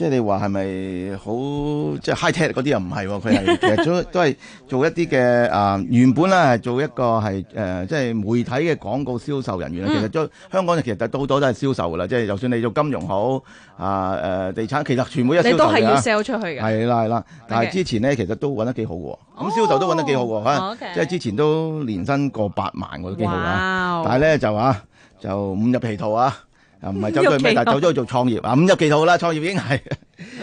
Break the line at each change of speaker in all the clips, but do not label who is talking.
即係你話係咪好即係 high tech 嗰啲又唔係，佢係其實都都係做一啲嘅啊，原本咧係做一個係誒、呃，即係媒體嘅廣告銷售人員啦。其實將香港其實到到，到都係銷售噶啦，即係就算你做金融好啊誒、呃、地產，其實全部一銷售啦。你都係要 sell 出去嘅。係啦係啦，但係之前咧其實都揾得幾好喎。咁銷、oh, 售都揾得幾好喎 okay.、啊、即係之前都年薪過八萬我都幾好嚇。Wow. 但係咧就話就唔入皮套啊。啊，唔係走咗去咩？但係走咗去做創業啊，五十幾好啦，創業已經係，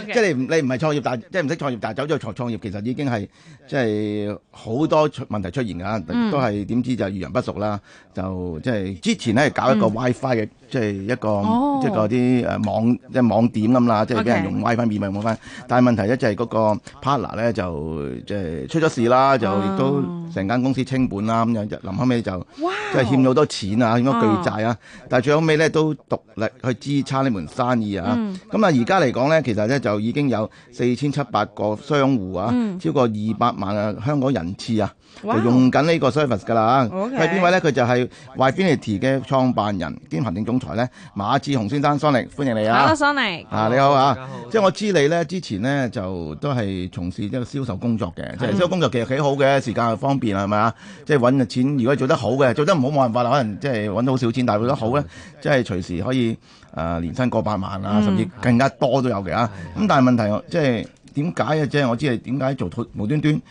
Okay. 即係你唔你唔係創業，但係即係唔識創業，但係走咗去創創業，其實已經係即係好多出問題出現㗎，都係點知就遇人不熟啦，就即係之前咧搞一個 WiFi 嘅。即係一個、oh. 即係啲誒網即係網點咁啦，即係畀人用 WiFi 免費用 w 但係問題咧就係嗰個 partner 咧就即係出咗事啦，就亦都成間公司清盤啦，咁樣就臨後尾就即係欠咗好多錢啊，Wow. 欠咗巨債啊，uh. 但係最後尾咧都獨立去支撐呢門生意啊，咁啊而家嚟講咧，其實咧就已經有四千七百個商戶啊，mm. 超過二百萬啊香港人次啊。就用緊呢個 service 㗎啦，係邊 Okay. 位咧？佢就係 Y Finity 嘅創辦人兼行政總裁咧，馬智洪先生 s u n l y 歡迎你啊！好啦 s u n l y 啊你好啊，好的即係我知你咧之前呢，就都係從事一個銷售工作嘅，即、就、係、是、銷售工作其實幾好嘅，時間又方便係咪啊？嗯、即係揾嘅錢，如果做得好嘅，做得唔好冇辦法啦，可能即係揾到好少錢，但係做得好咧，即、就、係、是、隨時可以誒年薪過百萬啊，甚至更加多都有嘅啊！咁、嗯嗯、但係問題即係點解啊？即係我知係點解做脱無端端，端？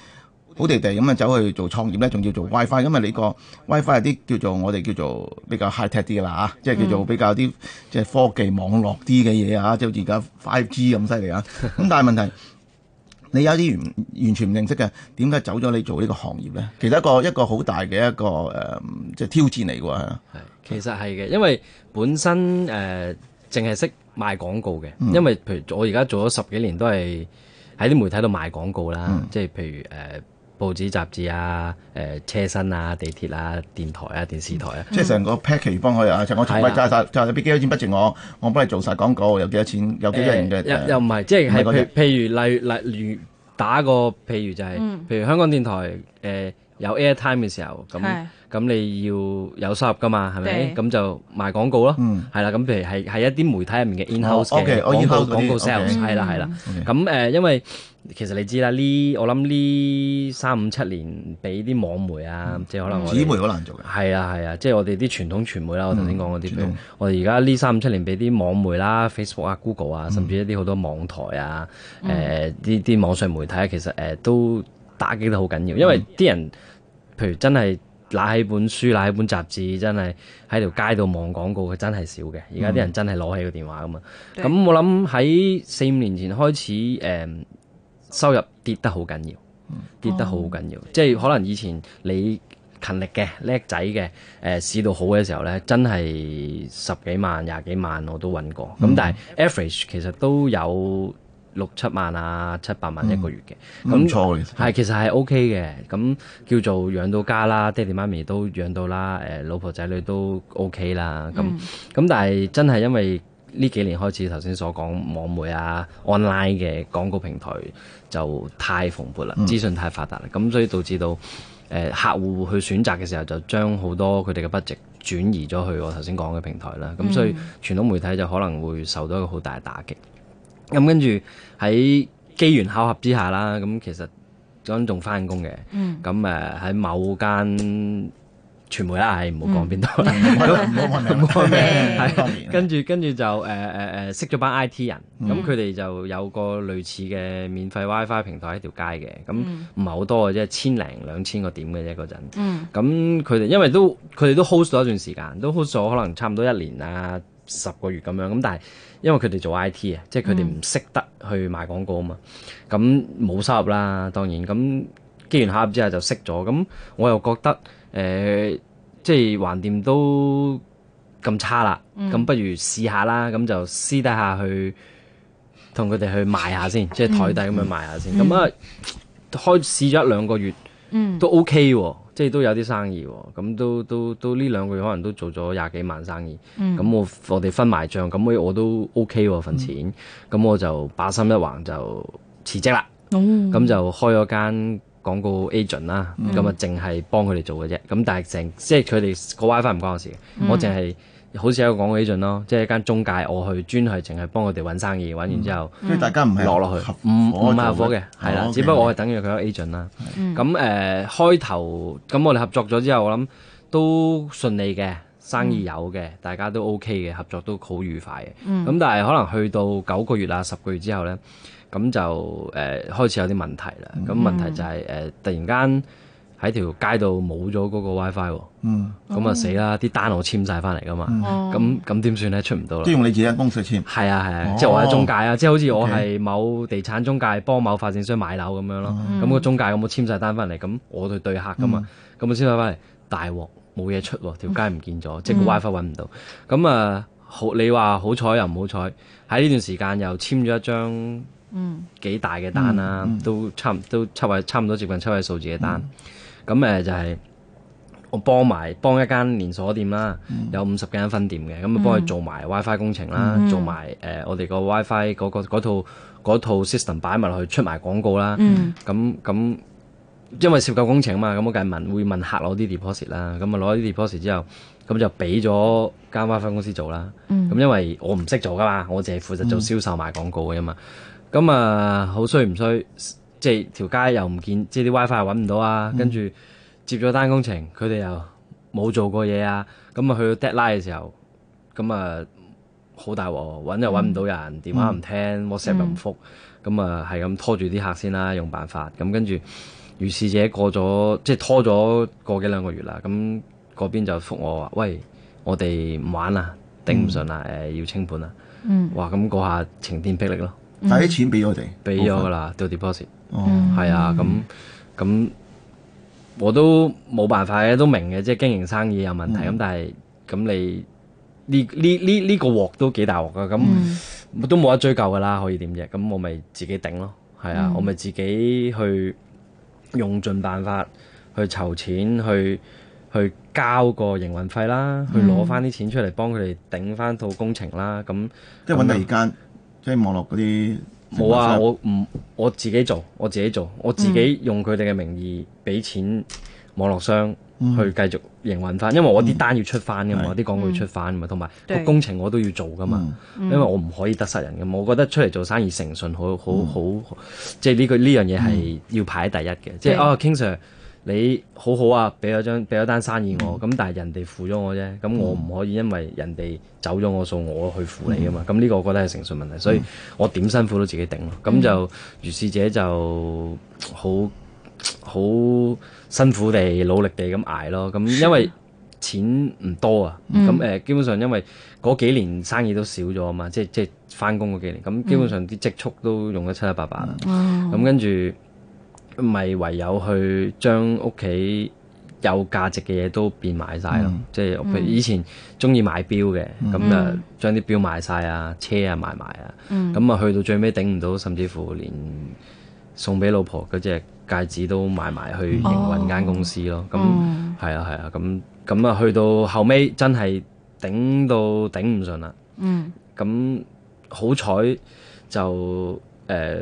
好地地咁啊，走去做創業咧，仲要做 WiFi。Fi，因為你個 WiFi 有啲叫做我哋叫做比較 high tech 啲啦嚇，嗯、即係叫做比較啲即係科技網絡啲嘅嘢啊，即好似而家 5G 咁犀利啊！咁 但係問題，你有啲完完全唔認識嘅，點解走咗你做呢個行業咧？其實一個一個好大嘅一個誒，即、呃、係、即係、挑戰嚟㗎喎。其實係嘅，因為本身誒淨係識賣廣
告嘅，嗯、因為譬如我而家做咗十幾年都係喺啲媒體度賣廣告啦，嗯、即係譬如誒。呃呃報紙、雜誌啊、誒車身啊、地鐵啊、電台啊、電視台啊，即係成
個 package 幫佢啊！就我唔係就就就你俾幾多錢不住我，我幫你做晒廣告，有幾多錢、嗯、有幾多人嘅、呃？又唔係，即係係
譬如例例如打個譬如就係、是，嗯、譬如香港電台誒。呃有 airtime 嘅時候，咁咁你要有收入噶嘛，係咪？咁就賣廣告咯，係啦。咁譬如係係一啲媒體入面嘅 in-house 嘅廣告廣告 sales，係啦係啦。咁誒，因為其實你知啦，呢我諗呢三五七年俾啲網媒啊，即係可能我紙媒好難做嘅。係啊係啊，即係我哋啲傳統傳媒啦。我頭先講嗰啲，譬如我哋而家呢三五七年俾啲網媒啦、Facebook 啊、Google 啊，甚至一啲好多網台啊、誒呢啲網上媒體啊，其實誒都。打擊得好緊要，因為啲人，譬如真係攞起本書、攞起本雜誌，真係喺條街度望廣告，佢真係少嘅。而家啲人真係攞起個電話噶嘛。咁對我諗喺四五年前開始，誒、嗯、收入跌得好緊要，
跌得好
緊要。嗯、即係可能以前你勤力嘅、叻仔嘅，誒市道好嘅時候呢，真係十幾萬、廿幾萬我都揾過。咁、嗯、但係 average 其實都有。六七萬啊，七八萬一個月嘅，咁錯係其實係 O K 嘅，咁、嗯、叫做養到家啦，爹哋媽咪都養到啦，誒老婆仔女都 O、OK、K 啦，咁咁、嗯、但係真係因為呢幾年開始頭先所講網媒啊 online 嘅廣告平台就太蓬勃啦，嗯、資訊太發達啦，咁所以導致到誒客戶去選擇嘅時候就將好多佢哋嘅 budget 轉移咗去我頭先講嘅平台啦，咁、嗯、所以傳統媒體就可能會受到一個好大嘅打擊。咁跟住喺機緣巧合之下啦，咁其實嗰陣仲翻工嘅，咁誒喺某間傳媒啦，係唔好講邊度，唔唔好問名，跟住跟住就誒誒誒識咗班 I T 人，咁佢哋就有個類似嘅免費 WiFi 平台喺條街嘅，咁唔係好多嘅啫，千零兩千個點嘅啫嗰陣。咁佢哋因為都佢哋都 hold 咗一段時間，都 hold 咗可能差唔多一年啊十個月咁樣，咁但係。因為佢哋做 I.T 啊，即係佢哋唔識得去賣廣告啊嘛，咁冇、嗯、收入啦，當然咁機緣巧合之下就識咗，咁我又覺得誒、呃，即係橫掂都咁差啦，咁、嗯、不如試下啦，咁就私底下去同佢哋去賣下先，即係台底咁樣賣下先，咁、嗯嗯、啊開試咗一兩個月、嗯、都 OK 喎、啊。即係都有啲生意喎、哦，咁都都都呢兩個月可能都做咗廿幾萬生意，咁、嗯、我我哋分埋帳，咁我我都 OK 份、哦、錢，咁、嗯、我就把心一橫就辭職啦，咁、嗯、就開咗間。廣告 agent 啦，咁啊淨係幫佢哋做嘅啫。咁但係成即係佢哋個 WiFi 唔關我事。我淨係好似一個廣告 agent 咯，即係一間中介，我去專係淨係幫佢哋揾生意，揾完之後，大家唔係落落去，唔唔係下火合夥嘅，係啦。只不過我係等於佢個 agent 啦。咁誒開頭咁我哋合作咗之後，我諗都順利嘅，生意有嘅，大家都 OK 嘅，合作都好愉快嘅。咁但係可能去到九個月啊、十個月之後咧。咁就誒開始有啲問題啦。咁問題就係誒突然間喺條街度冇咗嗰個 WiFi 喎。嗯。咁啊死啦！啲單我簽晒翻嚟噶嘛。哦。咁咁點算咧？出唔到啦。即用你自己間公司簽。係啊係啊，即係我係中介啊，即係好似我係某地產中介幫某發展商買樓咁樣咯。哦。咁個中介我冇簽晒單翻嚟，咁我對對客噶嘛，咁我簽晒翻嚟，大鑊冇嘢出喎，條街唔見咗，即係個 WiFi 揾唔到。咁啊，好，你話好彩又唔好彩，喺呢段時間又簽咗一張。嗯，幾大嘅單啦，都差都七位，差唔多接近七位數字嘅單。咁誒就係我幫埋幫一間連鎖店啦，有五十間分店嘅，咁啊幫佢做埋 WiFi 工程啦，做埋誒我哋個 WiFi 嗰個套嗰套 system 擺埋落去出埋廣告啦。咁咁因為涉及工程啊嘛，咁我梗係問會問客攞啲 deposit 啦。咁啊攞啲 deposit 之後，咁就俾咗間 WiFi 公司做啦。咁因為我唔識做噶嘛，我淨係負責做銷售賣廣告嘅嘛。咁啊，好衰唔衰？即係條街又唔見，即係啲 WiFi 又揾唔到啊！跟住、嗯、接咗單工程，佢哋又冇做過嘢啊！咁、嗯、啊，去到 deadline 嘅時候，咁啊好大鑊，揾又揾唔到人，電話唔聽，WhatsApp 又唔覆，咁啊係咁拖住啲客先啦，用辦法。咁跟住，如是者過咗，即係拖咗個幾兩個月啦。咁嗰邊就覆我話：喂，我哋唔玩啦，頂唔順啦，誒、呃，要清盤啦。
嗯。哇、
嗯！咁嗰下晴天霹靂咯～帶啲錢俾我哋，俾咗噶啦，做 deposit。哦，係啊，咁咁、啊응嗯嗯、我都冇辦法嘅，都明嘅、嗯，嗯、即係經營生意有問題咁，但係咁你呢呢呢呢個鑊都幾大鑊噶，咁都冇得追究噶啦，可以點啫？咁我咪自己頂咯，係啊，嗯、我咪自己去用盡辦法去籌錢，去去交個營運費啦，嗯、去攞翻啲錢出嚟幫佢哋頂翻套工程啦，咁即係搵第二間。即係網絡嗰啲，冇啊！我唔我自己做，我自己做，我自己用佢哋嘅名義俾錢網絡商、嗯、去繼續營運翻，因為我啲單要出翻嘅嘛，啲、嗯、廣告要出翻嘅嘛，同埋對個工程我都要做噶嘛，對因為我唔可以得失人嘅嘛，我覺得出嚟做生意誠信好好好，即係、這、呢個呢樣嘢係要排第一嘅，即係哦，King Sir。你好好啊，俾咗張俾咗單生意我，咁、嗯、但係人哋負咗我啫，咁、嗯、我唔可以因為人哋走咗我數，我去負你啊嘛，咁呢、嗯、個我覺得係誠信問題，嗯、所以我點辛苦都自己頂咯。咁、嗯、就如是者就好好辛苦地努力地咁捱咯。咁因為錢唔多啊，咁誒、嗯、基本上因為嗰幾年生意都少咗啊嘛，即係即係返工嗰幾年，咁基本上啲積蓄都用得七七八八啦。咁、嗯哦、跟住。咪唯有去將屋企有價值嘅嘢，都變賣晒咯，mm hmm. 即係以前中意買表嘅，咁啊將啲表賣晒啊，車啊賣埋啊，咁啊、mm hmm. 去到最尾頂唔到，甚至乎連送俾老婆嗰隻戒指都賣埋去營運間公司咯。咁係、oh. 啊係啊，啊，咁咁啊去到後尾真係頂到頂唔順啦。嗯、mm，咁好彩就誒。呃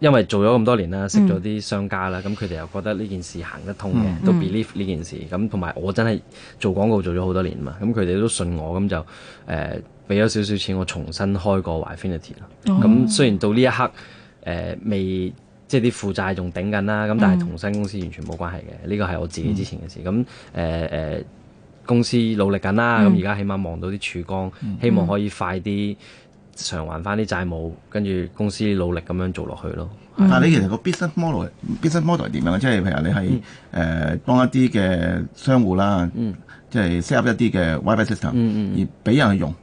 因為做咗咁多年啦，識咗啲商家啦，咁佢哋又覺得呢件事行得通嘅，嗯、都 believe 呢件事。咁同埋我真係做廣告做咗好多年嘛，咁佢哋都信我，咁就誒俾咗少少錢，我重新開個 Yfinity 啦。咁、嗯、雖然到呢一刻誒未、呃，即係啲負債仲頂緊啦，咁但係同新公司完全冇關係嘅。呢個係我自己之前嘅事。咁誒誒公司努力緊啦，咁而家起碼望到啲曙光，希望可以快啲。
償還翻啲債務，跟住公司努力咁樣做落去咯。嗯、
是但係你其實個
business model，business model 係點樣？即係譬如你係誒幫一啲嘅商戶啦，即係 set up 一啲嘅 WiFi system，、嗯、而俾人去用，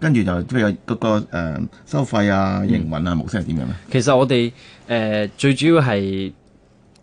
跟住、嗯、就譬如嗰個、呃、收費啊、營運啊、嗯、模式係點樣咧？其實我哋誒、呃、最主要係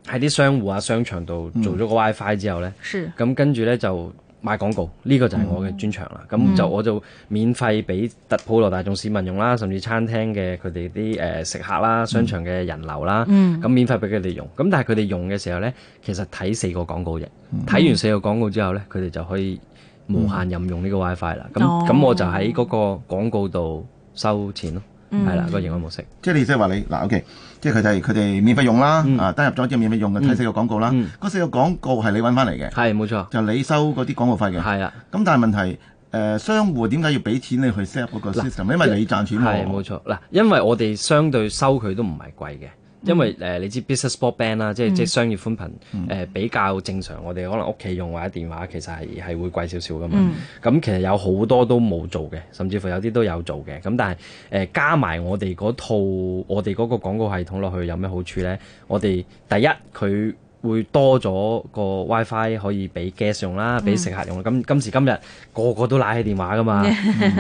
喺啲商戶啊、商場度做咗個 WiFi 之後咧，咁跟住咧就。買廣告呢、這個就係我嘅專長啦，咁、嗯、就我就免費俾特普羅大眾市民用啦，甚至餐廳嘅佢哋啲誒食客啦、嗯、商場嘅人流啦，咁、嗯、免費俾佢哋用。咁但係佢哋用嘅時候呢，其實睇四個廣告嘅，睇、嗯、完四個廣告之後呢，佢哋就可以無限任用呢個 WiFi 啦。咁咁、嗯、我就喺嗰個廣告度收
錢咯。係、mm hmm. 嗯、啦，個營運模式。即係你即係話你嗱，O K，即係佢就係佢哋免費用啦，嗯、啊，登入咗之後免費用嘅睇四個廣告啦。嗰、嗯、四個廣告係你揾翻嚟嘅，係冇錯，就你收嗰啲廣告費嘅。係啦、啊。咁但係問題誒、呃，商戶點解要俾錢你去 set 嗰個 system？嘞因為你賺錢喎。係冇錯。嗱，
因為我哋相對收佢都唔係貴嘅。因為誒，你知 S、mm. business sport band, s p o r t b a n d 啦，即係即係商業寬頻，誒、mm. 呃、比較正常。我哋可能屋企用或者電話，其實係係會貴少少㗎嘛。咁、mm. 嗯、其實有好多都冇做嘅，甚至乎有啲都有做嘅。咁、嗯、但係誒、呃，加埋我哋嗰套我哋嗰個廣告系統落去，有咩好處咧？我哋第一佢，會多咗個 WiFi 可以俾 guest 用啦，俾、嗯、食客用。咁今時今日個個都拉起電話噶嘛，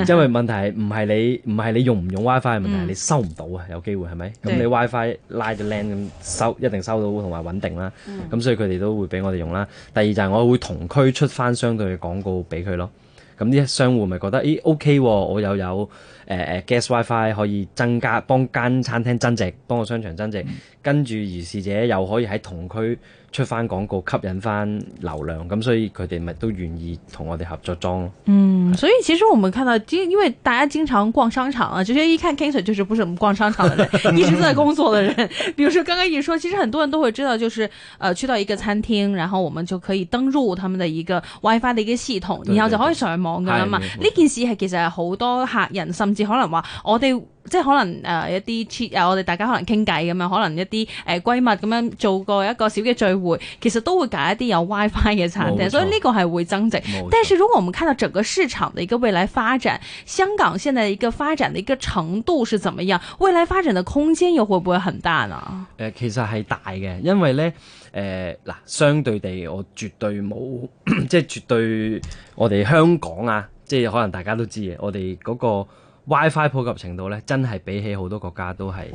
因為問題係唔係你唔係你用唔用 WiFi 嘅問題，嗯、問題你收唔到啊。有機會係咪？咁、嗯、你 WiFi 拉到靚咁收一定收到同埋穩定啦。咁、嗯、所以佢哋都會俾我哋用啦。第二就係我會同區出翻相對嘅廣告俾佢咯。咁啲商戶咪覺得，咦 OK 喎，我又有誒、呃、Guest WiFi 可以增加，幫間餐廳增值，幫個商場增值，跟住如是者又可以喺同區，出翻廣告，吸引翻流量咁，所以佢哋咪都願意同我哋合作裝咯。
嗯，所以其實我們看到，因因為大家經常逛商場啊，直接一看 case，就是不是咁逛商場嘅人， 一直在工作嘅人。比如說剛剛你說，其實很多人都會知道，就是呃去到一個餐廳，然後我們就可以登入他們嘅一個 WiFi 嘅一個系統，然後就可以上網噶啦嘛。呢件事係其實係好多客人甚至可能話我哋，即係可能誒、呃、一啲 chat 啊，我哋大家可能傾偈咁樣，可能一啲誒、呃、閨蜜咁樣做過一個小嘅聚會，其實都會搞一啲有 WiFi 嘅餐廳，冇錯。所以呢個係會增值。冇錯。但是，如果我們看到整個市場的一個未來發展，香港現在一個發展的一個程度是怎麼樣？未來發展的空間又會不會很大呢？誒、
呃，其實係大嘅，因為呢，誒、呃、嗱，相對地，我絕對冇 即係絕對我哋香港啊，即係可能大家都知嘅，我哋嗰、個。WiFi 普及程度咧，真係比起好多國家都係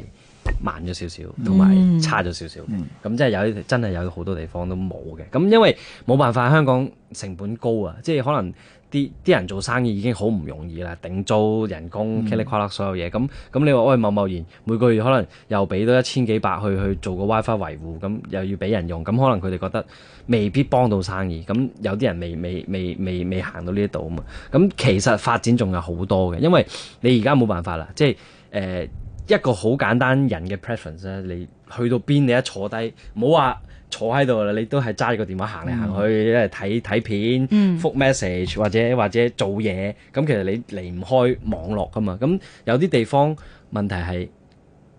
慢咗少少，同埋差咗少少。咁即係有啲真係有好多地方都冇嘅。咁因為冇辦法，香港成本高啊，即係可能。啲啲人做生意已經好唔容易啦，頂租、人工、噼里呱啦所有嘢咁咁，你話喂，貿貿然每個月可能又俾多一千幾百去去做個 WiFi 維護，咁又要俾人用，咁可能佢哋覺得未必幫到生意。咁有啲人未未未未未行到呢一度啊嘛。咁其實發展仲有好多嘅，因為你而家冇辦法啦，即係誒、呃、一個好簡單人嘅 preference 咧，你去到邊你一坐低，冇話。坐喺度啦，你都係揸住個電話行嚟行去，一係睇睇片，嗯，覆 message 或者或者做嘢咁。其實你離唔開網絡噶嘛。咁有啲地方問題係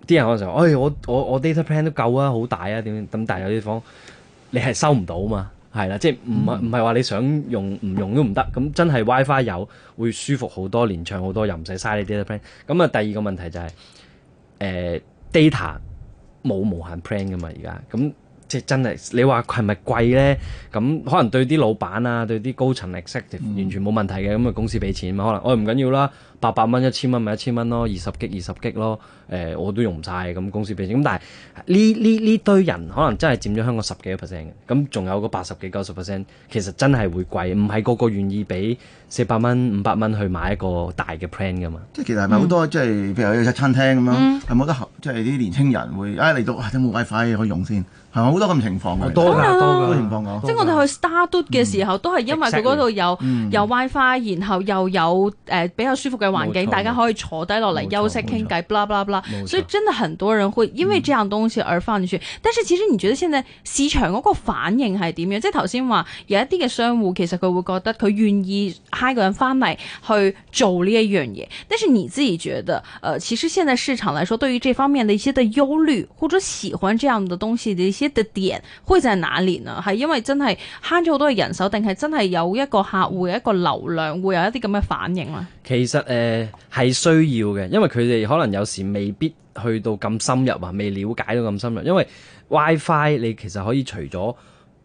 啲人可能話，哎，我我我 data plan 都夠啊，好大啊，點點咁，但係有啲地方你係收唔到嘛，係啦，即係唔係唔係話你想用唔用都唔得咁。真係 WiFi 有會舒服好多，連暢好多又唔使嘥你 data plan。咁啊，第二個問題就係、是、誒、呃、data 冇無限 plan 噶嘛，而家咁。mile 即真係，你話佢係咪貴咧？咁可能對啲老闆啊，對啲高層 executive 完全冇問題嘅，咁啊，公司俾錢嘛。可能我唔緊要啦，八百蚊一千蚊咪一千蚊咯，二十激二十激咯。誒、呃，我都用唔晒。咁公司俾錢咁，但係呢呢呢堆人可能真係佔咗香港十幾個 percent 嘅，咁，仲有嗰八十幾九十 percent 其實真係會貴，唔係個個願意俾四百蚊五百蚊去買一個大嘅 plan 噶嘛。
即係其實係咪好多即係譬如有餐廳咁樣係冇得即係啲年輕人會啊嚟到都冇 wifi 可以用先、um。係好多咁情況嘅，多啦多情況，即係
我哋去 Starbucks 嘅時候，都係因為佢嗰度有有 WiFi，然後又有誒比較舒服嘅環境，大家可以坐低落嚟休息傾偈，所以真的很多人會因為呢樣東西而翻入去。但是其實你覺得現在市場嗰個反應係點樣？即係頭先話有一啲嘅商戶其實佢會覺得佢願意 hire 個人翻嚟去做呢一樣嘢。但是你自己覺得，誒，其實現在市場嚟說，對於這方面的一些的憂慮或者喜歡這樣的東西一啲啲人，好似就係哪年啊？係因為真係慳咗好多嘅人手，定係真係有一個客戶一個流量會有一啲咁嘅反應啊？
其實誒係、呃、需要嘅，因為佢哋可能有時未必去到咁深入啊，未了解到咁深入。因為 WiFi 你其實可以除咗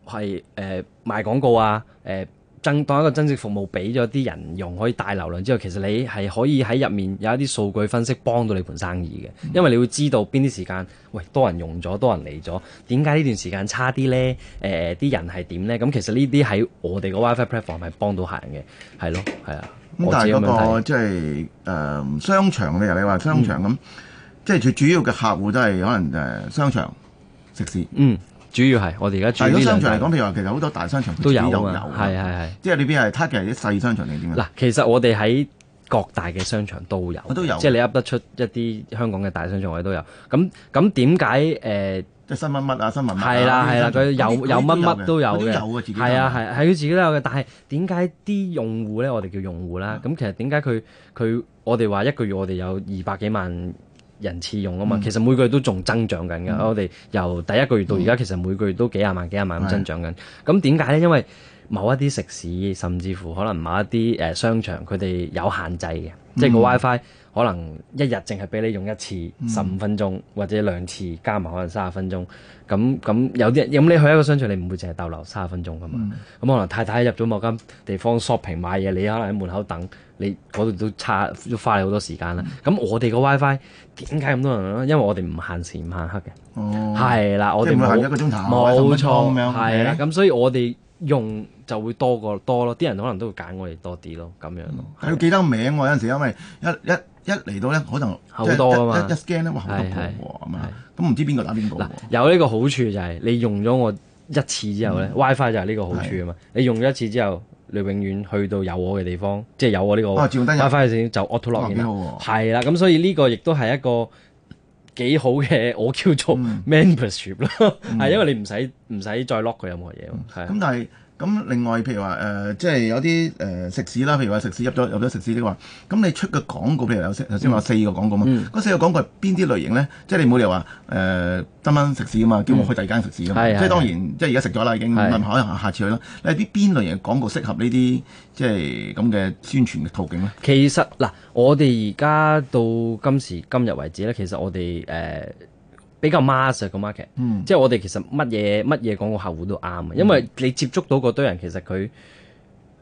係誒賣廣告啊，誒、呃。增當一個增值服務俾咗啲人用，可以帶流量之後，其實你係可以喺入面有一啲數據分析幫到你盤生意嘅，因為你會知道邊啲時間，喂多人用咗，多人嚟咗，點解呢段時間差啲呢？誒啲人係點呢？咁、呃、其實呢啲喺我哋個 WiFi platform 係幫到客人嘅，係咯，係啊。咁但係嗰、那個
的即係、呃、商場，你又你話商場咁，嗯、即係最主要嘅客戶都係可能誒商場、食肆，嗯。主要係我哋而家主要呢兩商場嚟講，譬如話，其實好多大商場都有啊。係係係，即係呢邊係
target 係啲細商場定點嗱，其實我哋喺各大嘅商場都有，都有，即係你噏得出一啲香港嘅大商場，我哋都有。咁咁點解誒？即係新乜乜啊？新乜乜係啦係啦，佢有有乜乜都有嘅，係啊係係佢自己都有嘅。但係點解啲用戶咧？我哋叫用戶啦。咁其實點解佢佢我哋話一個月我哋有二百幾萬？人次用啊嘛，其實每個月都仲增長緊嘅。嗯、我哋由第一個月到而家，嗯、其實每個月都幾廿萬、幾廿萬咁增長緊。咁點解咧？因為某一啲食肆，甚至乎可能某一啲誒、呃、商場，佢哋有限制嘅，嗯、即係個 WiFi 可能一日淨係俾你用一次十五分鐘，嗯、或者兩次加埋可能三十分鐘。咁咁有啲人，咁你去一個商場，你唔會淨係逗留三十分鐘噶嘛？咁、嗯、ume. 可能太太入咗某間地方 shopping 買嘢，你可能喺門口等，你嗰度都差都花你好多時間啦。咁、嗯、我哋個 WiFi 點解咁多人咧？因為我哋唔限時唔限刻嘅，係、哦、啦，我哋一個鐘頭冇冇錯係、哦、啦。咁所以我哋。用就會多過多咯，啲人可能都會揀我哋多啲咯，咁樣咯。
係要記得名喎，有陣時因為一一一嚟到咧，可能好多啊嘛。一驚，係，咁唔知邊個打邊個。有呢個好處
就係你用咗我一次之後咧，WiFi 就係呢個好處啊嘛。你用咗一次之後，你永遠去到有我嘅地方，即係有我呢個 WiFi 就 auto 落嘅係啦。咁所以呢個亦都係一個。幾好嘅，我叫做 membership 啦、嗯，係因為你唔使唔使再 lock 佢任何嘢喎，係啊、嗯。
是咁另外，譬如話誒、呃，即係有啲誒、呃、食肆啦，譬如話食肆入咗入咗食肆的話，咁你出嘅廣告，譬如有頭先話四個廣告嘛，嗰、嗯嗯、四個廣告係邊啲類型咧？即係你冇理由話誒，今晚、呃、今晚食肆啊嘛，叫我去第二間食肆啊嘛，即係、嗯、當然，嗯、即係而家食咗啦，已經問下、嗯、下次去咯。你啲邊類型嘅廣告適合呢啲即係咁嘅宣傳途徑咧？其實嗱，我哋而家到今
時今日為止咧，其實我哋誒。呃比較 master 個 market，嗯、即係我哋其實乜嘢乜嘢講個客戶都啱啊！因為你接觸到嗰堆人，其實佢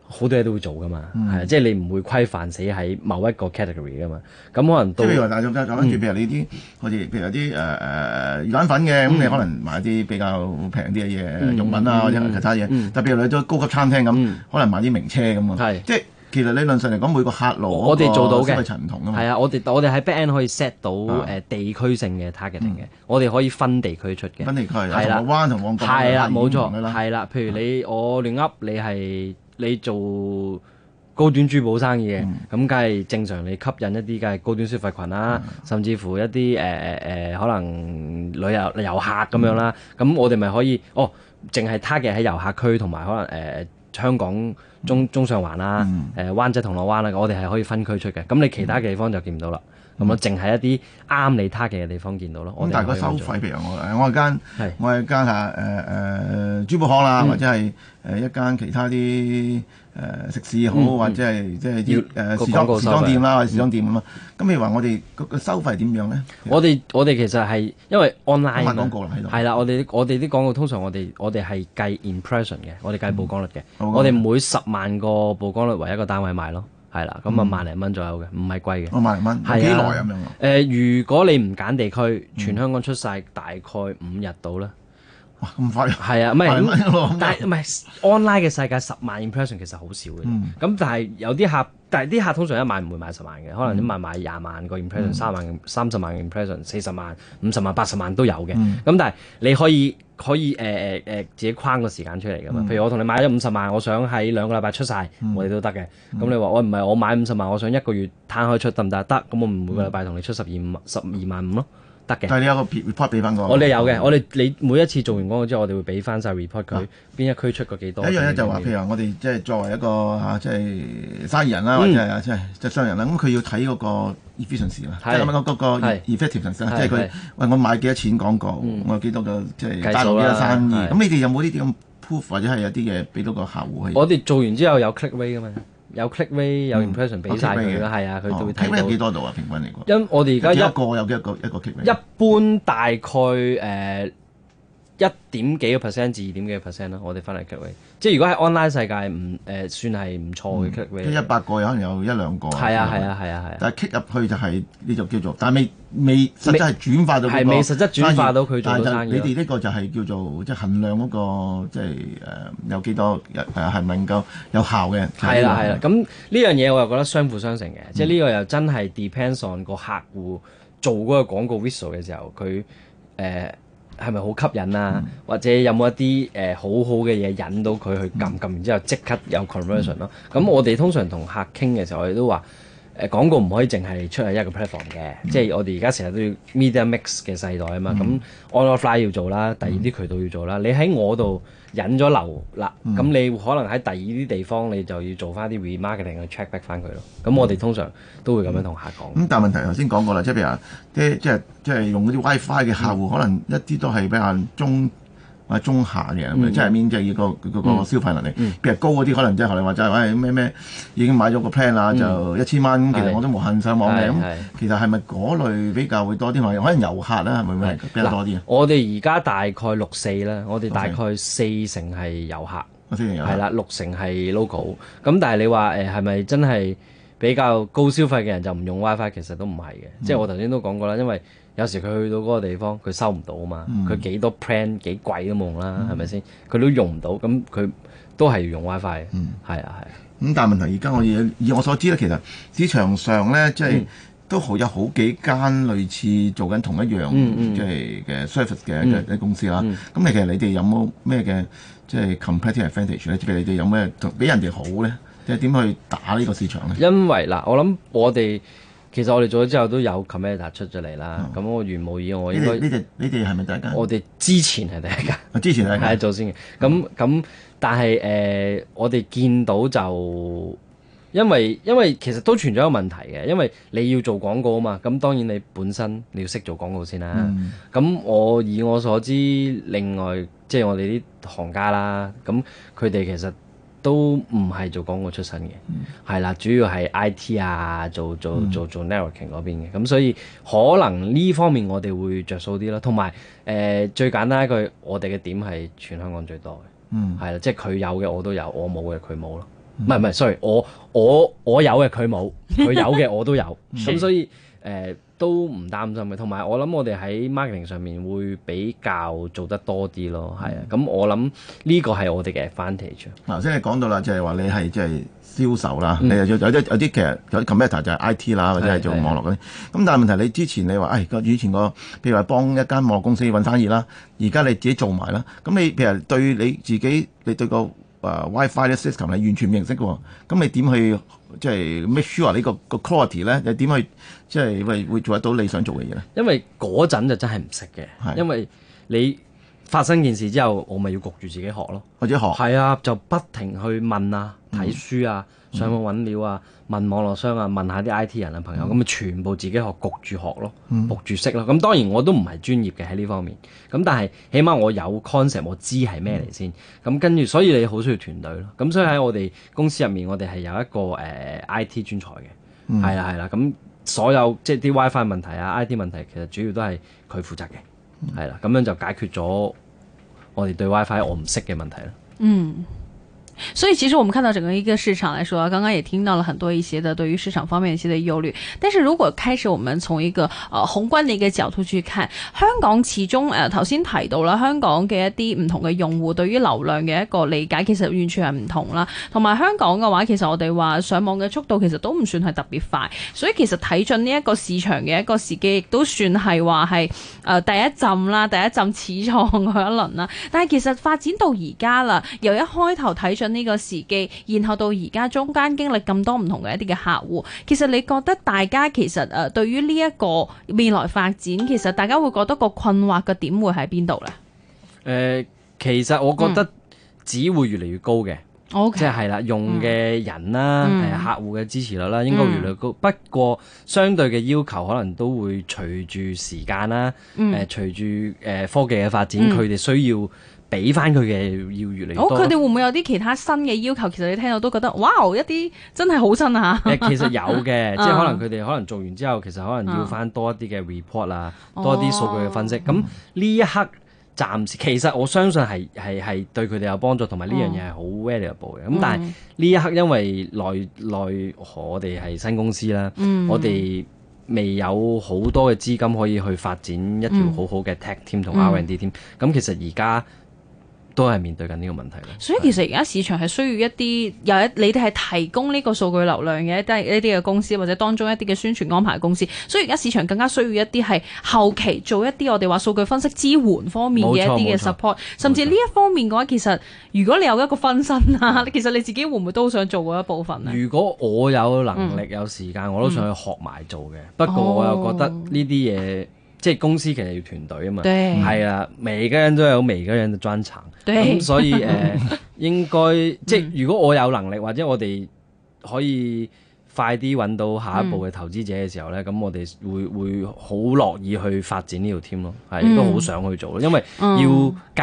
好多嘢都會做噶嘛，係、嗯、即係你唔會規範死喺某一個 category 噶嘛。咁可能都跟住，
譬如你啲好似譬如有啲誒誒誒魚蛋粉嘅，咁你可能買啲比較平啲嘅嘢用品啊，或者其他嘢。特別例如去咗高級餐廳咁，可能買啲名車咁啊。係是的 即係。其實理論上嚟講，每個客攞嗰個消費層唔同咯。係
啊，我哋我哋喺 back end 可以 set 到誒地區性嘅 targeting 嘅。我哋可以分地區出嘅。分地區係啦，灣
同旺角係啦，冇錯，
係啦。譬如你我亂噏，你係你做高端珠寶生意嘅，咁梗係正常。你吸引一啲梗係高端消費群啦，甚至乎一啲誒誒誒可能旅遊遊客咁樣啦。咁我哋咪可以哦，淨係 target 喺遊客區同埋可能誒香港。中中上環啦、啊，誒、嗯呃、灣仔銅鑼灣啦、啊，我哋係可以分區出嘅。咁你其他嘅地方就見唔到啦。咁啊、嗯，淨係一啲啱你他嘅地方見到咯、嗯。我如果收費譬如，
是我我係間我係間嚇誒誒珠寶巷啦、啊，或者係誒、嗯呃、一間其他啲。誒、呃、食肆好，好或者係即係啲誒時裝時裝店啦，時裝店咁嘛。咁譬、嗯、如話，我哋個收費點樣咧？
我哋我哋其實係因為 online 發廣告啦係啦，我哋我哋啲廣告通常我哋我哋係計 impression 嘅，我哋計曝光率嘅。嗯、我哋每十萬個曝光率為一個單位賣咯，係啦，咁啊萬零蚊左右嘅，唔係貴嘅。哦，萬零蚊。係啊。幾耐咁樣啊？誒，如果你唔揀地區，全香港出晒大概五日到啦。唔快。係啊，唔係，但係 online 嘅世界十萬 impression 其實好少嘅，咁但係有啲客，但係啲客通常一萬唔會買十萬嘅，可能一萬買廿萬個 impression，三萬、三十萬 impression，四十萬、五十萬、八十萬都有嘅，咁但係你可以可以誒誒誒自己框個時間出嚟㗎嘛？譬如我同你買咗五十萬，我想喺兩個禮拜出晒，我哋都得嘅。咁你話我唔係我買五十萬，我想一個月攤開出得唔得？得，咁我唔每個禮拜同你出十二萬十二萬五咯。得嘅，但係你有個 report 俾翻我。我哋有嘅，我哋你每一次做完廣告之後，我哋會俾翻晒 report 佢，邊一區出過幾多。一樣咧就話，譬如話
我哋即係作為一個嚇，即係生意人啦，或者係即係即係商人啦，咁佢要睇嗰個 efficiency 啦，即係咁嗰個 efficiency，即係佢喂我買幾多錢廣告，我有幾多個即係帶來啲生意。咁你哋有冇呢啲咁 proof 或者係有啲嘢俾到個客戶？我哋做完之後有 clickway 噶
嘛。有 click rate 有 impression 俾晒佢咯，係、哦、啊，佢都會睇 click rate 幾多度啊？平均嚟講，因為我哋而家一一有幾一個一個 click rate 一般大概誒。呃一點幾個 percent 至二點幾個 percent 咯、嗯，我哋翻嚟即係如果喺 online 世界唔誒算係唔錯
嘅，即一百個有可能有一兩個，係啊係啊係啊係啊，但係 click 入去就係呢度叫做，但係未未實質轉化到，到，係未實質轉化到佢做你哋呢個就係叫做即係、就是、衡量嗰、那個即係誒有幾多，誒係咪能夠有效嘅？係
啦係啦，咁呢、啊啊、樣嘢我又覺得相輔相成嘅，嗯、即係呢個又真係 depends on 個客戶做嗰個廣告 visual 嘅時候，佢誒。呃呃係咪好吸引啊？嗯、或者有冇一啲誒、呃、好好嘅嘢引到佢去撳撳，然、嗯、之後即刻有 conversion 咯、啊？咁、嗯、我哋通常同客傾嘅時候，我哋都話。誒廣告唔可以淨係出喺一個 platform 嘅，嗯、即係我哋而家成日都要 media mix 嘅世代啊嘛。咁、嗯、online offline 要做啦，第二啲渠道要做啦。嗯、你喺我度引咗流啦，咁、嗯、你可能喺第二啲地方你就要做翻啲 remarketing 去 check back 翻佢咯。
咁、嗯、我哋通常都會咁樣同客講、嗯。咁但係問題頭先講過啦，即係譬如話即係即係用嗰啲 WiFi 嘅客戶，嗯、可能一啲都係比較中中下嘅，嗯、即係面即係要個個個消費能力。其實、嗯嗯、高嗰啲可能即係學你話齋，喂咩咩已經買咗個 plan 啦，就一千蚊，其實我都冇恨上網嘅。其實係咪嗰類比較會多啲？可能可能遊客啦，係咪會比較多啲？
我哋而家大概六四啦，我哋大概四成係遊客，係啦，六成係 local。咁但係你話誒係咪真係比較高消費嘅人就唔用 WiFi？其實都唔係嘅，嗯、即係我頭先都講過啦，因為。有時佢去到嗰個地方，佢收唔到啊嘛，佢幾、嗯、多 plan 幾貴都冇
啦，係咪先？佢都用唔到，咁佢都係要用 WiFi，係、嗯、啊係。咁、啊嗯、但係問題，而家我以我所知咧，其實市場上咧，即、就、係、是、都好有好幾間類似做緊同一樣，即係嘅、嗯嗯、service 嘅公司啦。咁你、嗯嗯、其實你哋有冇咩嘅即係、就是、competitive advantage 咧？即、就、係、是、你哋有咩同比人哋好咧？即係點去打呢個市場咧？
因為嗱、呃，我諗我哋。其實我哋做咗之後都有 competitor 出咗嚟啦，咁、嗯、我原無以外應該呢啲
呢啲係咪第一間？我哋
之前係
第一間、哦，之前係係做
先嘅。咁咁、嗯，但係誒、呃，我哋見到就因為因為其實都存在一個問題嘅，因為你要做廣告啊嘛。咁當然你本身你要識做廣告先啦。咁、嗯、我以我所知，另外即係我哋啲行家啦，咁佢哋其實。都唔係做廣告出身嘅，係啦、嗯，主要係 IT 啊，做做做 Networking 嗰邊嘅，咁、嗯嗯、所以可能呢方面我哋會着數啲咯。同埋誒最簡單一句，我哋嘅點係全香港最多嘅，係啦、嗯，即係佢有嘅我都有，我冇嘅佢冇咯。唔係唔係，sorry，我我我有嘅佢冇，佢有嘅我都有，咁、 嗯、所以。 誒、呃、都唔擔心嘅，同埋我諗我哋喺 marketing 上面會比較做得多啲咯，係啊、嗯，咁我諗呢個係我哋嘅 advantage。
頭先你講到啦，就係話你係即係銷售啦，嗯、你又有啲有啲其實有啲 competitor 就係 IT 啦，或者係做網絡嗰啲，咁但係問題你之前你話誒、哎、以前個，譬如話幫一間網絡公司揾生意啦，而家你自己做埋啦，咁你譬如對你自己你對個誒 WiFi 嘅 system 係完全唔認識喎，咁你點去？即係 make sure 呢個個 quality 咧？又點去即係咪會做得到你想做嘅嘢咧？因為嗰陣就真係唔識嘅，是因為你發生件事之
後，我咪要焗住自己學咯，或者學係啊，就不停去問啊，睇書啊。嗯。上網揾料啊，問網絡商啊，問下啲 I.T. 人啊朋友，咁咪、嗯、全部自己學焗住學咯，焗住識咯。咁當然我都唔係專業嘅喺呢方面，咁但係起碼我有 concept，我知係咩嚟先。咁、嗯、跟住，所以你好需要團隊咯。咁所以喺我哋公司入面，我哋係有一個誒、呃、I.T. 專才嘅，係啦係啦。咁所有即係啲 WiFi 問題啊、I.T. 問題，其實主要都係佢負責嘅，係啦、嗯。咁樣就解決咗我哋對 WiFi 我唔識嘅問題咯。嗯。
所以其實我們看到整個一個市場來說，剛剛也聽到了很多一些的對於市場方面一些的憂慮。但是如果開始我們從一個呃宏觀的一個角度去睇，香港始終誒頭先提到啦，香港嘅一啲唔同嘅用戶對於流量嘅一個理解，其實完全係唔同啦。同埋香港嘅話，其實我哋話上網嘅速度其實都唔算係特別快。所以其實睇進呢一個市場嘅一個時機，亦都算係話係誒第一浸啦，第一浸始創嗰一輪啦。但係其實發展到而家啦，由一開頭睇呢個時機，然後到而家中間經歷咁多唔同嘅一啲嘅客戶，其實你覺得大家其實誒，對於呢一個未來發展，其實大家會覺得個困惑嘅點會喺邊度呢？
誒、呃，其實我覺得只會越嚟越高嘅，嗯、即係係啦，用嘅人啦，誒，客戶嘅支持率啦，應該越嚟越高。嗯、不過相對嘅要求可能都會隨住時間啦，誒、嗯呃，隨住誒科技嘅發展，佢哋、嗯、需要。俾翻佢嘅要越嚟越多，佢哋、哦、會
唔會有啲其他新嘅要求？其實你聽到都覺得，哇！一啲真係好新啊嚇。其實有嘅， 嗯、即係可能佢
哋可能做完之後，其實可能要翻多一啲嘅 report 啊，嗯、多一啲數據嘅分析。咁呢、哦、一刻暫時，其實我相信係係係對佢哋有幫助，同埋呢樣嘢係好 valuable 嘅。咁、嗯、但係呢一刻，因為內內河我哋係新公司啦，嗯、我哋未有好多嘅資金可以去發展一條好好嘅 tech team 同 R and D team、嗯。咁其實而家都係面對緊呢個問題。
所以其實而家市場係需要一啲有一你哋係提供呢個數據流量嘅，一啲呢啲嘅公司或者當中一啲嘅宣傳安排公司。所以而家市場更加需要一啲係後期做一啲我哋話數據分析支援方面嘅一啲嘅 support，甚至呢一方面嘅話，其實如果你有一個分身啊，錯其實你自己會唔會都想做嗰一部分咧？如
果我有能力、嗯、有時間，我都想去學埋、嗯、做嘅。不過我又覺得呢啲嘢。哦即係公司其實要團隊啊嘛，係啦對，每個人都有每個人嘅專長，咁對、嗯、所以誒、呃、 應該即係如果我有能力或者我哋可以。快啲揾到下一步嘅投資者嘅時候咧，咁、嗯、我哋會會好樂意去發展呢度添咯，係都好想去做，因為要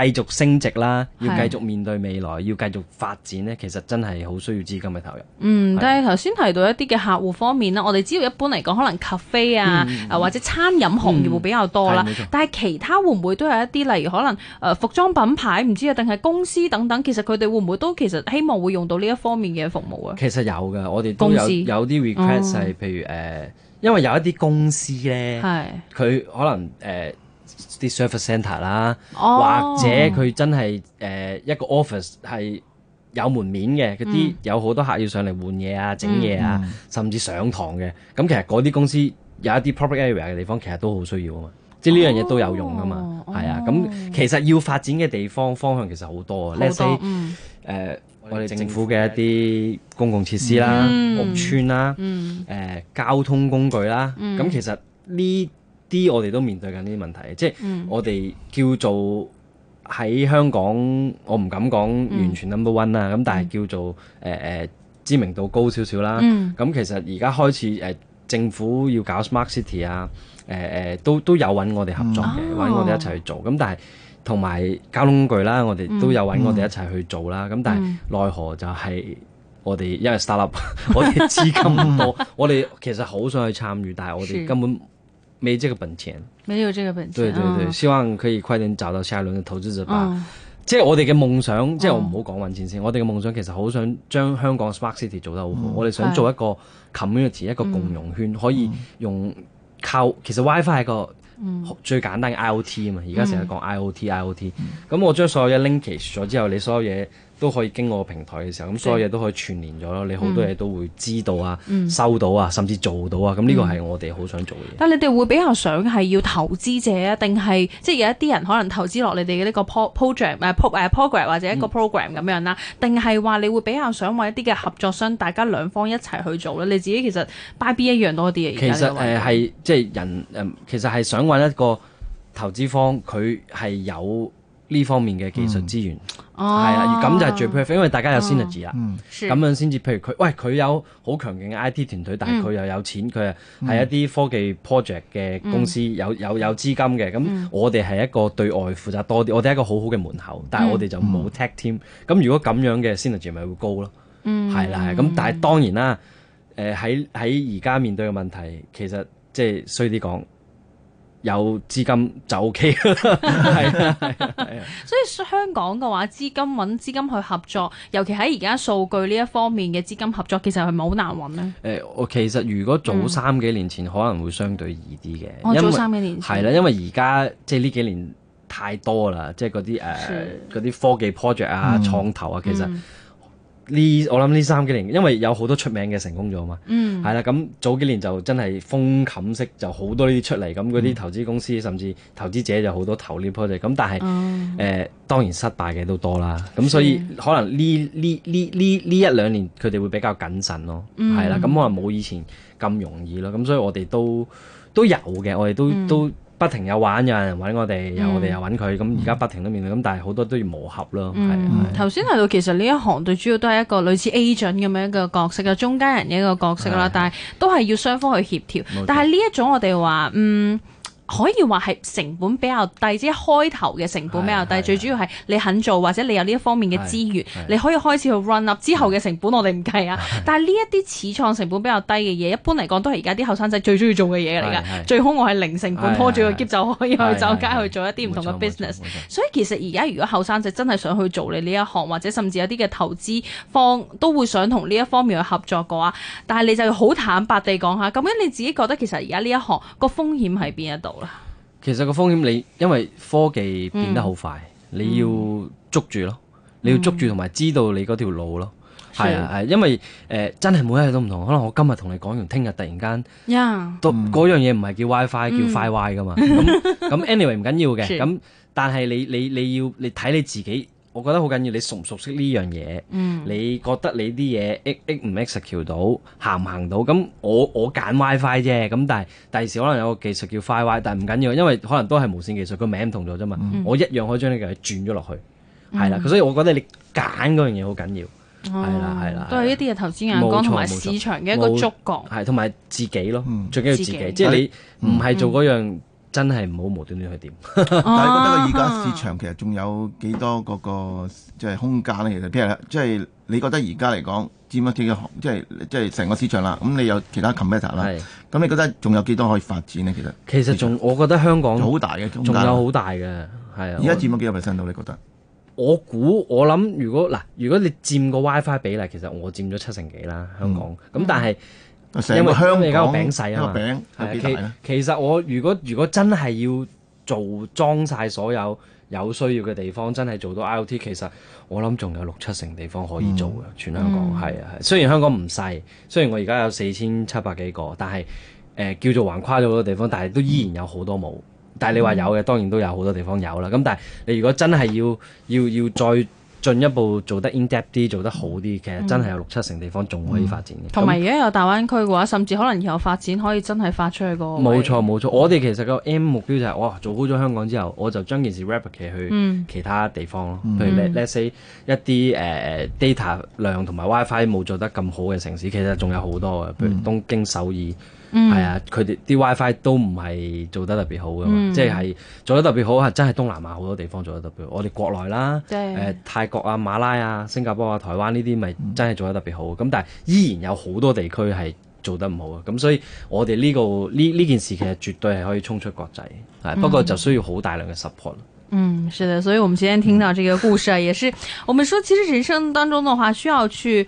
繼續升值啦，嗯、要繼續面對未來，是要繼續發展咧，其實真係好需要資金嘅投入。嗯，
但係頭先提到一啲嘅客戶方面咧，我哋知道一般嚟講可能咖啡啊，嗯、或者餐飲行業會比較多啦。嗯嗯、但係其他會唔會都有一啲，例如可能誒服裝品牌，唔知啊定係公司等等，其實佢哋會唔會都其實希望會用到呢一方面嘅服務啊？司
其實有嘅，我哋都有。都有有啲 request 係，譬、嗯、如誒、呃，因為有一啲公司咧，佢是可能誒啲、呃、service center 啦，哦、或者佢真係誒、呃、一個 office 係有門面嘅，嗰啲、嗯、有好多客要上嚟換嘢啊、整嘢啊，嗯嗯、甚至上堂嘅。咁其實嗰啲公司有一啲 property area 嘅地方，其實都好需要啊嘛，即係呢樣嘢都有用噶嘛，係、哦哦、啊。咁其實要發展嘅地方方向其實好多啊，Let's 例如誒。多我哋政府嘅一啲公共設施啦、屋邨啦、誒邨、嗯呃、交通工具啦，咁、嗯、其實呢啲我哋都面對緊呢啲問題，即、就、係、是、我哋叫做喺香港，我唔敢講完全 number one 啦，咁、嗯、但係叫做誒誒、呃、知名度高少少啦。咁、嗯嗯、其實而家開始誒政府要搞 smart city 啊、呃，誒誒都都有搵我哋合作嘅，搵、嗯、我哋一齊去做，咁、嗯、但係。同埋交通工具啦，我哋都有揾我哋一齊去做啦。咁但係奈何就係我哋因為 startup，我哋資金冇咁多，我哋其實好想去參與，但係我哋根本冇這個本錢，
沒有這個本錢。對對對，希
望可以快點找到下一輪嘅投資者吧。即係我哋嘅夢想，即係我唔好講揾錢先。我哋嘅夢想其實好想將香港 smart city 做得好好。我哋想做一個 community，一個共融圈，可以用靠其實 WiFi 個。最簡單嘅 IOT 啊嘛，而家成日講 IOT IOT，咁我將所有嘢 link 咗之後，你所有嘢，都可以經過我平台嘅時候，咁所有嘢都可以串連咗咯。你好多嘢都會知道啊、收到啊，甚至做到啊。咁呢個係我哋好想做嘅嘢。嗯。
但係你哋會比較想係要投資者啊，定係即係有一啲人可能投資落你哋嘅呢個 project 誒 pro program 或者一個 program 咁樣啦？定係話你會比較想揾一啲嘅合作商，大家兩方一齊去做咧？你自己其實，實 by 邊一樣多啲啊其、呃嗯？其實誒係
即係人誒，其實係想揾一個投資方，佢係有。呢方面嘅技術資源，
係、嗯、啊，咁就係最 perfect，、
嗯、因為大家有 synergy 啦，咁、嗯、樣先至，譬如佢，喂，佢有好強勁嘅 IT 團隊，但係佢又有錢，佢係、嗯、一啲科技 project 嘅公司，嗯、有有有資金嘅，咁、嗯嗯、我哋係一個對外負責多啲，我哋係一個好好嘅門口，但係我哋就冇 tech team，咁、嗯、如果咁樣嘅 synergy 咪會高咯，
係啦、嗯，係咁、啊，但
係當然啦，誒喺喺而家面對嘅問題，其實即係衰啲講。有資金就 O K 啦，係，
所以香港嘅話資金揾資金去合作，尤其喺而家數據呢一方面嘅資金合作，其實係咪好難揾呢？誒、
呃，我其實如果早三幾年前可能會相對易啲嘅。我、嗯為哦、早三幾年前係啦，因為而家即係呢幾年太多啦，即係嗰啲誒啲科技 project 啊、嗯、創投啊，其實。嗯呢，我諗呢三幾年，因為有好多出名嘅成功咗嘛，係啦、嗯。咁早幾年就真係風冚式就，就好多呢啲出嚟，咁嗰啲投資公司、嗯、甚至投資者就好多投呢 project 咁，但係誒、嗯呃、當然失敗嘅都多啦。咁所以可能呢呢呢呢一兩年佢哋會比較謹慎咯，係啦、嗯。咁可能冇以前咁容易咯。咁所以我哋都都有嘅，我哋都都。嗯都不停有玩，有人揾我哋，有我哋又揾佢，咁而家不停都面對，咁但係好多都要磨合咯。係，
頭先、嗯、是提到其實呢一行最主要都係一個類似 agent 咁樣嘅角色嘅中間人嘅一個角色啦，色的但係都係要雙方去協調。錯但係呢一種我哋話，嗯。可以話係成本比較低，即係開頭嘅成本比較低。是的 最主要係你肯做，或者你有呢一方面嘅資源，是的 你可以開始去 run up 之後嘅成本我，我哋唔計啊。但係呢一啲始創成本比較低嘅嘢，一般嚟講都係而家啲後生仔最中意做嘅嘢嚟㗎。是的 最好我係零成本拖住個機就可以去走街去做一啲唔同嘅 business。所以其實而家如果後生仔真係想去做你呢一行，或者甚至有啲嘅投資方都會想同呢一方面去合作嘅話。但係你就要好坦白地講下，咁樣你自己覺得其實而家呢一行個風險喺邊一度？嗯
其實個風險，你因為科技變得好快，嗯你，你要捉住咯，你要捉住同埋知道你嗰條路咯，
係啊係，
因為誒、呃、真係每一日都唔同，可能我今日同你講完，聽日突然間，Yeah. 都嗰、嗯、樣嘢唔係叫 WiFi 叫 FiY 噶嘛，咁咁 Anyway 唔緊要嘅，咁 但係你你你要你睇你自己。我覺得好緊要，你熟唔熟悉呢樣嘢？你覺得你啲嘢 execute 唔 execute 橋到，行唔行到？咁我我揀 WiFi 啫，咁但係第二時可能有個技術叫 Fi-Fi，但係唔緊要，因為可能都係無線技術，個名唔同咗啫嘛。我一樣可以將呢樣嘢轉咗落去，
係啦。所以我
覺得你揀嗰樣嘢好緊要，
係啦係啦。都係一啲嘅投資眼光同埋市場嘅一個觸覺，係
同埋自己咯，最緊要自己，即係你唔係做嗰樣。
真係唔好無端端，端去點 ，
但係你覺得個而家
市場其實仲有幾多嗰個即係空間咧？其實，譬如即係你覺得而家嚟講佔咗嘅即係即係成個市場啦。咁你有其他 competitor 啦，咁是你覺得仲有幾多可以發展呢？其實其實仲，我覺得香港好大嘅空間，仲有好大嘅係啊。而家佔咗幾多 percent 到咧？你覺得
我估我諗，如果嗱，如果你佔個 WiFi 比例，其實我佔咗七成幾啦，香港咁，嗯嗯、但係。因為香你而家個餅細啊嘛。其，其實我如果如果真係要做裝晒所有有需要嘅地方，真係做到 IOT，其實我諗仲有六七成地方可以做嘅，嗯、全香港係啊係。雖然香港唔細，雖然我而家有四千七百幾個，但係誒、呃、叫做橫跨咗好多地方，但係都依然有好多冇。但係你話有嘅，當然都有好多地方有啦。咁但係你如果真係要要要再。進一步做得 in depth 啲，做得好啲，其實真係有六七成地方仲可以發展嘅。同埋如果
有大灣區嘅話，甚至可能有發展可以真係發出去個。冇錯
冇錯，我哋其實個 M 目標就係、是、哇，做好咗香港之後，我就將件事 replicate 去其他地方咯。嗯、譬如你，let's say 一啲誒、uh, data 量同埋 WiFi 冇做得咁好嘅城市，其實仲有好多嘅，譬如東京、首爾。係、嗯、啊，佢哋啲 WiFi 都唔係做得特別好嘅、啊，嗯、即係做得特別好係真係東南亞好多地方做得特別好。我哋國內啦，誒對、呃、泰國啊、馬拉啊、新加坡啊、台灣呢啲咪真係做得特別好。咁、嗯、但係依然有好多地區係做得唔好嘅。咁所以我哋呢個呢呢件事其實絕對係可以衝出國際，係不過就需要好大量嘅 support。嗯，
是的，所以我們今天聽到這個故事啊，也是、嗯、我們說其實人生當中嘅話需要去，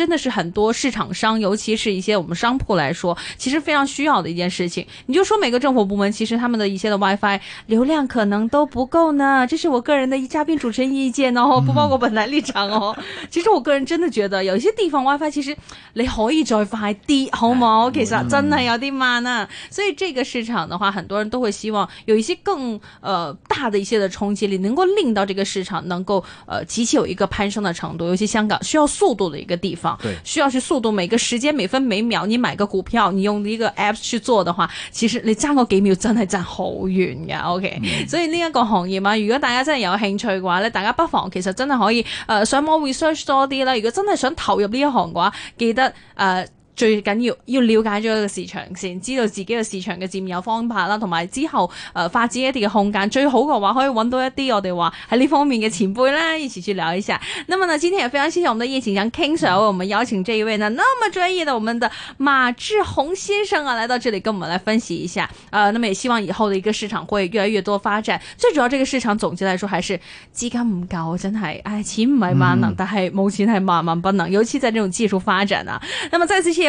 真的是很多市場商，尤其是一些我們商鋪來說，其實非常需要的一件事情。你就說每個政府部門，其實他們的一些的 WiFi 流量可能都不夠呢。這是我個人的一嘉賓主持人意見哦，不包括本來立場哦。嗯、其實我個人真的覺得，有一些地方 WiFi 其實 你可以再快啲，好冇？其、哎、實、okay, so 嗯、真的，有啲慢呢。所以這個市場的話，很多人都會希望有一些更呃大的一些的衝擊力，能夠令到這個市場能夠呃極其有一個攀升的程度，尤其香港需要速度的一個地方。對需要去速度，每個時間每分每秒，你買個股票，你用呢個 app 去做的話，其實你爭個幾秒真係爭好遠噶。OK，、嗯、所以呢一個行業啊，如果大家真係有興趣嘅話咧，大家不妨其實真係可以誒、呃、上網 research 多啲啦。如果真係想投入呢一行嘅話，記得誒。呃最緊要要了解咗個市場先，知道自己個市場嘅佔有方法啦，同埋之後誒、呃、發展一啲嘅空間。最好嘅話可以揾到一啲我哋話喺呢方面嘅前輩啦，一起去聊一下。那麼呢，今天也非常謝謝我們嘅葉景祥 King Sir，為我們邀請這一位呢那麼專業嘅我們的馬智洪先生啊，來到這裡跟我們來分析一下。啊、呃，那麼也希望以後嘅一個市場會越來越多發展。最主要，這個市場總結來說，還是資金唔夠，真係，唉、哎，錢唔係萬能，但係冇錢係萬萬不能。尤其在這種技術發展啊，那麼再次。